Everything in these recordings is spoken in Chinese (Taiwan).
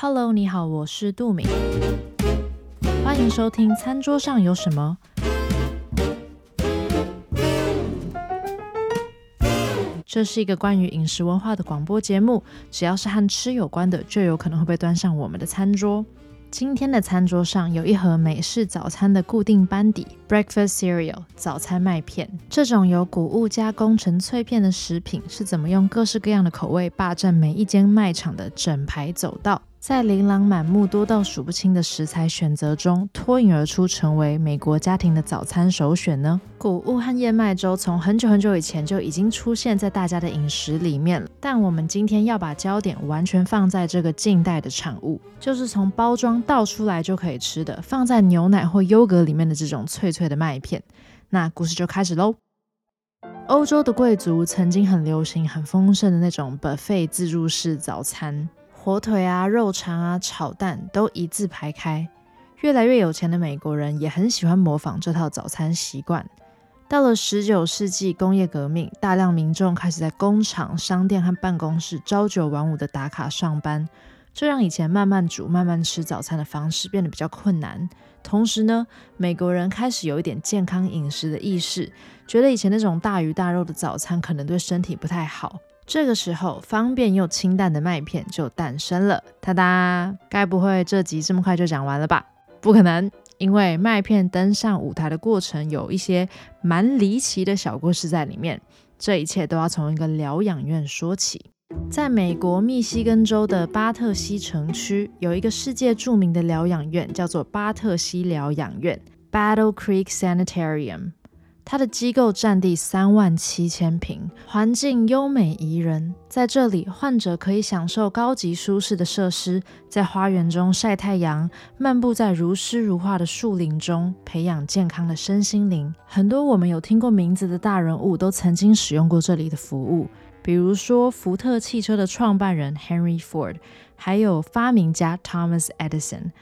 Hello，你好，我是杜敏。歡迎收聽《餐桌上有什麼》。這是一個關於飲食文化的廣播節目，只要是和吃有關的，就有可能會被端上我們的餐桌。今天的餐桌上有一盒美式早餐的固定班底 ——breakfast cereal（ 早餐麥片）。這種由穀物加工成脆片的食品，是怎麼用各式各樣的口味霸占每一間賣場的整排走道？在琳琅滿目、多到數不清的食材選擇中脫穎而出，成為美國家庭的早餐首選呢？穀物和燕麥粥從很久很久以前就已經出現在大家的飲食裡面了，但我們今天要把焦點完全放在這個近代的產物，就是從包裝倒出來就可以吃的，放在牛奶或優格裡面的這種脆脆的麥片。那故事就開始嘍。歐洲的貴族曾經很流行、很豐盛的那種 buffet 自助式早餐。火腿啊、肉腸啊、炒蛋都一字排開。越來越有錢的美國人也很喜歡模仿這套早餐習慣。到了十九世紀工業革命，大量民眾開始在工廠、商店和辦公室朝九晚五的打卡上班，這讓以前慢慢煮、慢慢吃早餐的方式變得比較困難。同時呢，美國人開始有一點健康飲食的意識，覺得以前那種大魚大肉的早餐可能對身體不太好。這個時候，方便又清淡的麥片就誕生了。噠噠，該不會這集這麼快就講完了吧？不可能，因為麥片登上舞台的過程有一些蠻離奇的小故事在裡面。這一切都要從一個療養院說起。在美國密西根州的巴特西城區，有一個世界著名的療養院，叫做巴特西療養院 （Battle Creek Sanitarium）。它的機構占地三萬七千平，環境優美宜人。在這裡，患者可以享受高級舒適的設施，在花園中曬太陽，漫步在如詩如畫的樹林中，培養健康的身心靈。很多我們有聽過名字的大人物都曾經使用過這裡的服務，比如說福特汽車的創辦人 Henry Ford，還有發明家 Thomas Edison。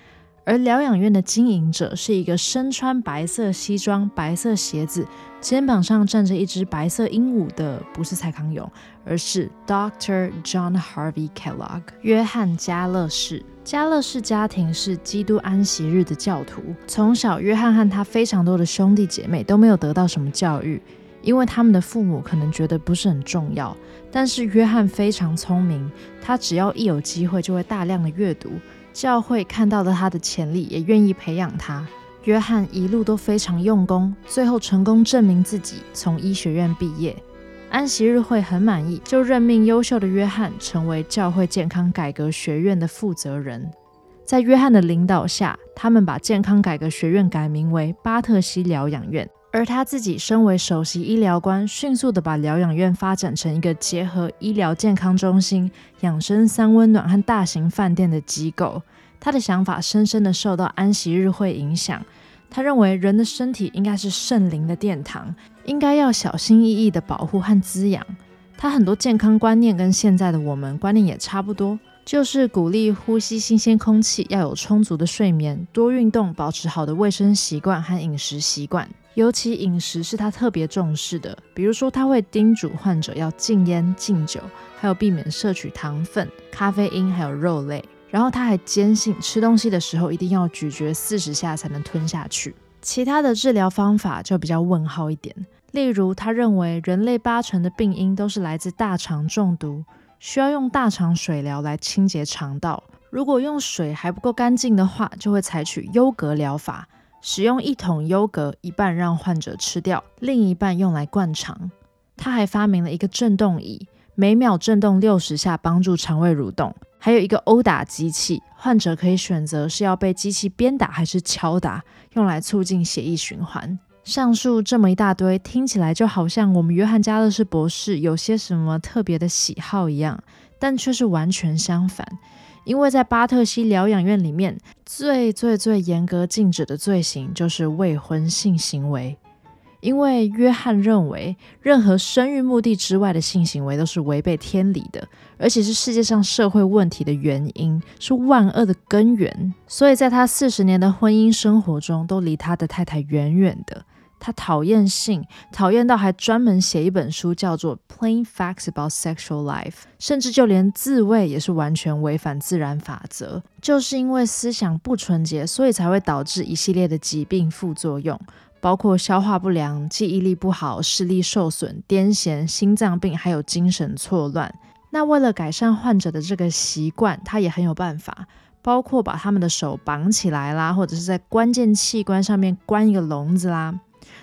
而療養院的經營者是一個身穿白色西裝、白色鞋子，肩膀上站着一隻白色鸚鵡的，不是蔡康永，而是 Dr. John Harvey Kellogg。約翰·家樂氏。家樂氏家庭是基督安息日的教徒。從小，約翰和他非常多的兄弟姐妹都沒有得到什麼教育，因為他們的父母可能覺得不是很重要。但是，約翰非常聰明，他只要一有機會就會大量的閱讀。教會看到了他的潛力，也願意培養他。約翰一路都非常用功，最後成功證明自己，從醫學院畢業。安息日會很滿意，就任命優秀的約翰成為教會健康改革學院的負責人。在約翰的領導下，他們把健康改革學院改名為巴特西療養院。而他自己身為首席醫療官，迅速的把療養院發展成一個結合醫療健康中心、養生三溫暖和大型飯店的機構。他的想法深深的受到安息日會影響。他認為人的身體應該是聖靈的殿堂，應該要小心翼翼的保護和滋養。他很多健康觀念跟現在的我們觀念也差不多，就是鼓勵呼吸新鮮空氣，要有充足的睡眠，多運動，保持好的衛生習慣和飲食習慣。尤其飲食是他特別重視的，比如說他會叮囑患者要禁煙禁酒，還有避免攝取糖分、咖啡因還有肉類。然後他還堅信吃東西的時候一定要咀嚼四十下才能吞下去。其他的治療方法就比較問號一點，例如他認為人類八成的病因都是來自大腸中毒，需要用大腸水療來清潔腸道。如果用水還不夠乾淨的話，就會採取優格療法。使用一桶優格，一半讓患者吃掉，另一半用來灌腸。他還發明了一個震動儀，每秒震動六十下，幫助腸胃蠕動。還有一個毆打機器，患者可以選擇是要被機器鞭打還是敲打，用來促進血液循環。上述這麼一大堆，聽起來就好像我們約翰·家樂氏博士有些什麼特別的喜好一樣，但卻是完全相反。因為在巴特西療養院裡面，最最最嚴格禁止的罪行就是未婚性行為，因為約翰認為任何生育目的之外的性行為都是違背天理的，而且是世界上社會問題的原因，是萬惡的根源。所以在他四十年的婚姻生活中，都離他的太太遠遠的。他討厭性，討厭到還專門寫一本書叫做《Plain Facts About Sexual Life》，甚至就連自慰也是完全違反自然法則。就是因為思想不純潔，所以才會導致一系列的疾病副作用，包括消化不良、記憶力不好、視力受損、癲癇、心臟病，還有精神錯亂。那為了改善患者的這個習慣，他也很有辦法，包括把他們的手綁起來啦，或者是在關鍵器官上面關一個籠子啦。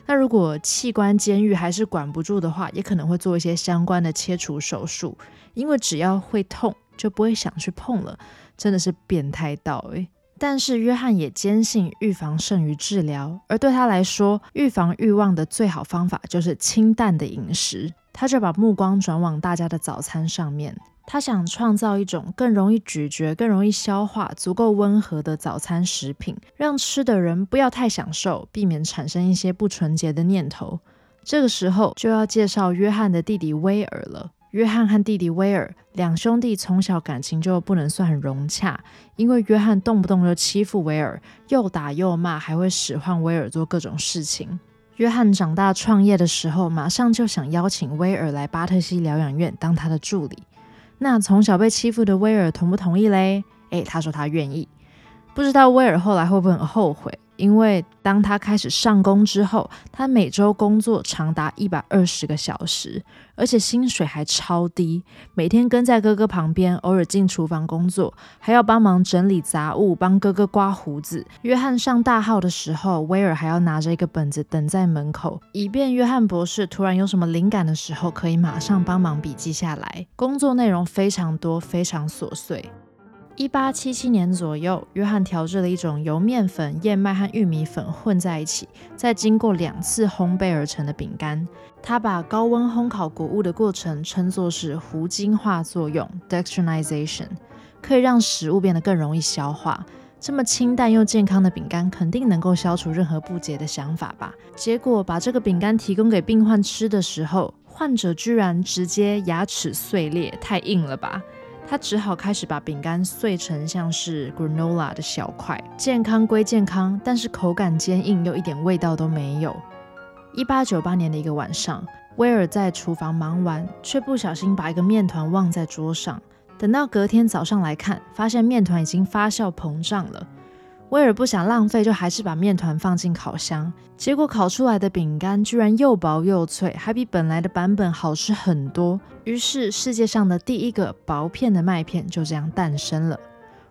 那如果器官監獄還是管不住的話，也可能會做一些相關的切除手術，因為只要會痛，就不會想去碰了，真的是變態到誒、欸。但是約翰也堅信預防勝於治療，而對他來說，預防慾望的最好方法就是清淡的飲食。他就把目光轉往大家的早餐上面，他想創造一種更容易咀嚼、更容易消化、足夠溫和的早餐食品，讓吃的人不要太享受，避免產生一些不純潔的念頭。這個時候就要介紹約翰的弟弟威爾了。約翰和弟弟威爾兩兄弟從小感情就不能算很融洽，因為約翰動不動就欺負威爾，又打又罵，還會使喚威爾做各種事情。約翰長大創業的時候，馬上就想邀請威爾來巴特西療養院當他的助理。那從小被欺負的威爾同不同意嘞？誒，他說他願意。不知道威爾後來會不會很後悔？因為當他開始上工之後，他每周工作長達一百二十個小時，而且薪水還超低。每天跟在哥哥旁邊，偶爾進廚房工作，還要幫忙整理雜物，幫哥哥刮鬍子。約翰上大號的時候，威爾還要拿着一個本子等在門口，以便約翰博士突然有什麼靈感的時候，可以馬上幫忙筆記下來。工作內容非常多，非常瑣碎。一八七七年左右，約翰調製了一種由麵粉、燕麥和玉米粉混在一起，再經過兩次烘焙而成的餅乾。他把高溫烘烤穀物的過程稱作是糊精化作用 （dextrinization），可以讓食物變得更容易消化。這麼清淡又健康的餅乾，肯定能夠消除任何不潔的想法吧？結果把這個餅乾提供給病患吃的時候，患者居然直接牙齒碎裂，太硬了吧！他只好開始把餅乾碎成像是 granola 的小塊，健康歸健康，但是口感堅硬，又一點味道都沒有。一八九八年的一個晚上，威爾在廚房忙完，卻不小心把一個麵團忘在桌上。等到隔天早上來看，發現麵團已經發酵膨脹了。威爾不想浪費，就還是把麵團放進烤箱。結果烤出來的餅乾居然又薄又脆，還比本來的版本好吃很多。於是，世界上的第一個薄片的麥片就這樣誕生了。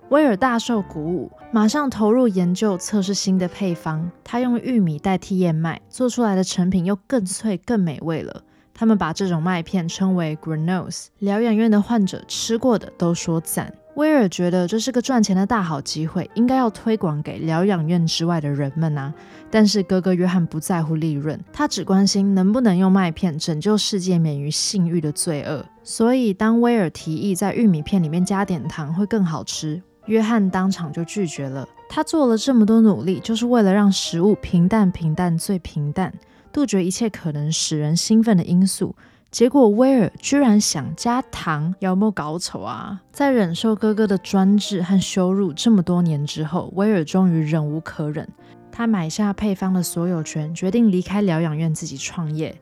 威爾大受鼓舞，馬上投入研究測試新的配方。他用玉米代替燕麥，做出來的成品又更脆更美味了。他們把這種麥片稱為 Granose。療養院的患者吃過的都說讚。威爾覺得這是個賺錢的大好機會，應該要推廣給療養院之外的人們啊！但是哥哥約翰不在乎利潤，他只關心能不能用麥片拯救世界，免於性慾的罪惡。所以當威爾提議在玉米片裡面加點糖會更好吃，約翰當場就拒絕了。他做了這麼多努力，就是為了讓食物平淡、平淡、最平淡，杜絕一切可能使人興奮的因素。結果威爾居然想加糖，有沒有搞錯啊！在忍受哥哥的專制和羞辱這麼多年之後，威爾終於忍無可忍，他買下配方的所有權，決定離開療養院，自己創業。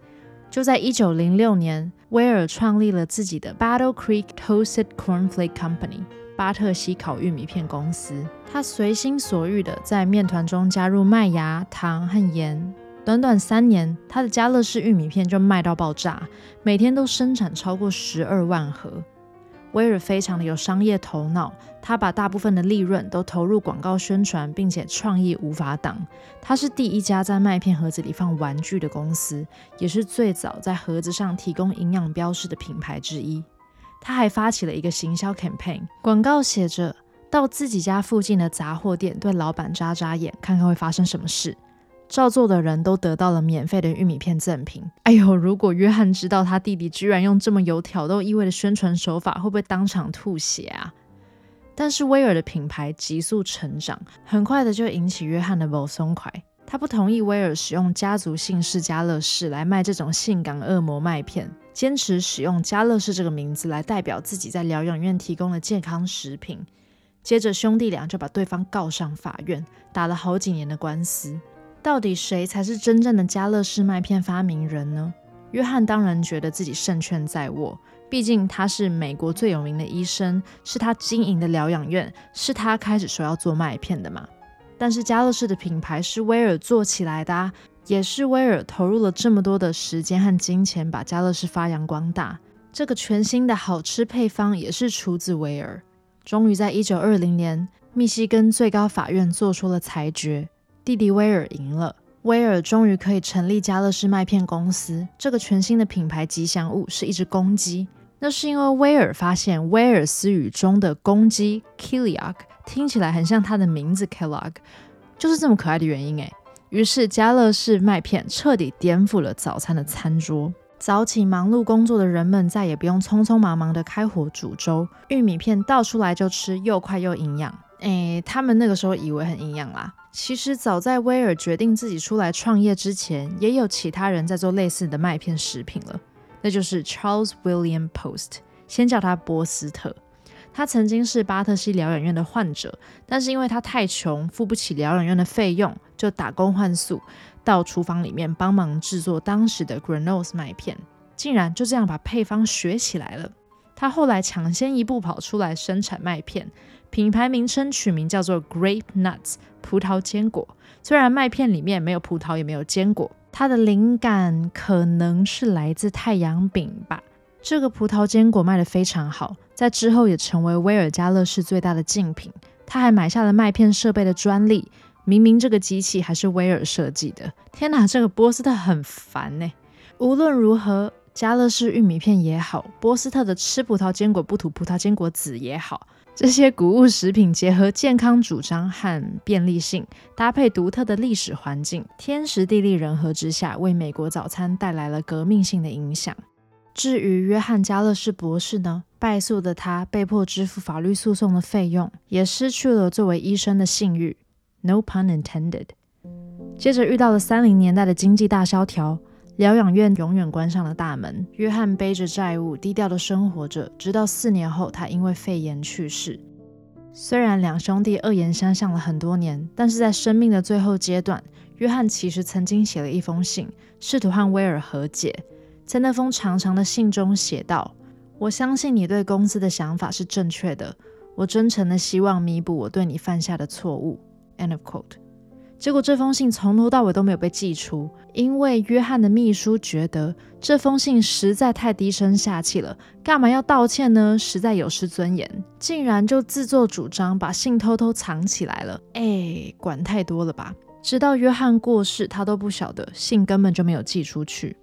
就在一九零六年，威爾創立了自己的 Battle Creek Toasted Cornflake Company（ 巴特西烤玉米片公司）。他隨心所欲地在麵團中加入麥芽糖和鹽。短短三年，他的家樂氏玉米片就賣到爆炸，每天都生產超過十二萬盒。威爾非常的有商業頭腦，他把大部分的利潤都投入廣告宣傳，並且創意無法擋。他是第一家在麥片盒子裡放玩具的公司，也是最早在盒子上提供營養標識的品牌之一。他還發起了一個行銷 campaign，廣告寫着：“到自己家附近的雜貨店，對老闆眨眨眼，看看會發生什麼事。”照做的人都得到了免費的玉米片贈品。哎呦，如果約翰知道他弟弟居然用這麼有挑逗意味的宣傳手法，會不會當場吐血啊？但是威爾的品牌急速成長，很快的就引起約翰的不痛快。他不同意威爾使用家族姓氏家樂氏來賣這種性感惡魔麥片，堅持使用家樂氏這個名字來代表自己在療養院提供的健康食品。接着兄弟倆就把對方告上法院，打了好幾年的官司。到底誰才是真正的家樂氏麥片發明人呢？約翰當然覺得自己勝券在握，畢竟他是美國最有名的醫生，是他經營的療養院，是他開始說要做麥片的嘛。但是家樂氏的品牌是威爾做起來的，啊，也是威爾投入了這麼多的時間和金錢，把家樂氏發揚光大。這個全新的好吃配方也是出自威爾。終於在一九二零年，密西根最高法院做出了裁決。弟弟威爾贏了，威爾終於可以成立家樂氏麥片公司。這個全新的品牌吉祥物是一隻公雞，那是因為威爾發現威爾斯語中的公雞 Killog 聽起來很像他的名字 Kellogg，就是這麼可愛的原因誒。於是家樂氏麥片徹底顛覆了早餐的餐桌，早起忙碌工作的人們再也不用匆匆忙忙地開火煮粥，玉米片倒出來就吃，又快又營養。誒、欸，他們那個時候以為很營養啦。其實早在威爾決定自己出來創業之前，也有其他人在做類似的麥片食品了。那就是 Charles William Post，先叫他波斯特。他曾經是巴特西療養院的患者，但是因為他太窮，付不起療養院的費用，就打工換宿，到廚房裡面幫忙制作當時的 Granola 麥片，竟然就這樣把配方學起來了。他後來搶先一步跑出來生產麥片，品牌名稱取名叫做 Grape Nuts（ 葡萄堅果）。雖然麥片裡面沒有葡萄也沒有堅果，它的靈感可能是來自太陽餅吧。這個葡萄堅果賣得非常好，在之後也成為威爾家樂氏最大的競品。他還買下了麥片設備的專利，明明這個機器還是威爾設計的。天吶，這個波斯特很煩呢、欸。無論如何。加樂士玉米片也好，波斯特的吃葡萄堅果不吐葡萄堅果籽也好，這些穀物食品結合健康主張和便利性，搭配獨特的歷史環境，天時地利人和之下，為美國早餐帶來了革命性的影響。至於約翰·家樂氏博士呢？敗訴的他被迫支付法律訴訟的費用，也失去了作為醫生的信譽。No pun intended。接着遇到了30年代的經濟大蕭條。療養院永遠關上了大門。約翰背着債務，低調地生活着，直到四年後，他因為肺炎去世。雖然兩兄弟惡言相向了很多年，但是在生命的最後階段，約翰其實曾經寫了一封信，試圖和威爾和解。在那封長長的信中寫道：“我相信你對公司的想法是正確的。我真誠地希望彌補我對你犯下的錯誤。” End of quote. 結果這封信從頭到尾都沒有被寄出，因為約翰的秘書覺得這封信實在太低聲下氣了，幹嘛要道歉呢？實在有失尊嚴，竟然就自作主張把信偷偷藏起來了。哎，管太多了吧？直到約翰過世，他都不曉得信根本就沒有寄出去。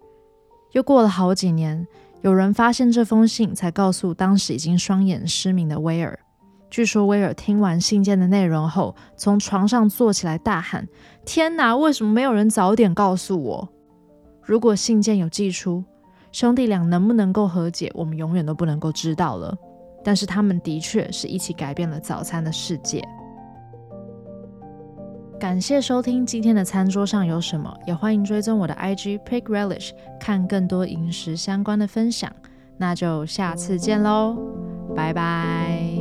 又過了好幾年，有人發現這封信，才告訴當時已經雙眼失明的威爾。據說威爾聽完信件的內容後，從床上坐起來大喊：“天哪！為什麼沒有人早點告訴我？”如果信件有寄出，兄弟倆能不能夠和解，我們永遠都不能夠知道了。但是他們的確是一起改變了早餐的世界。感謝收聽今天的《餐桌上有什麼》，也歡迎追蹤我的 IG Pick Relish，看更多飲食相關的分享。那就下次見嘍，拜拜。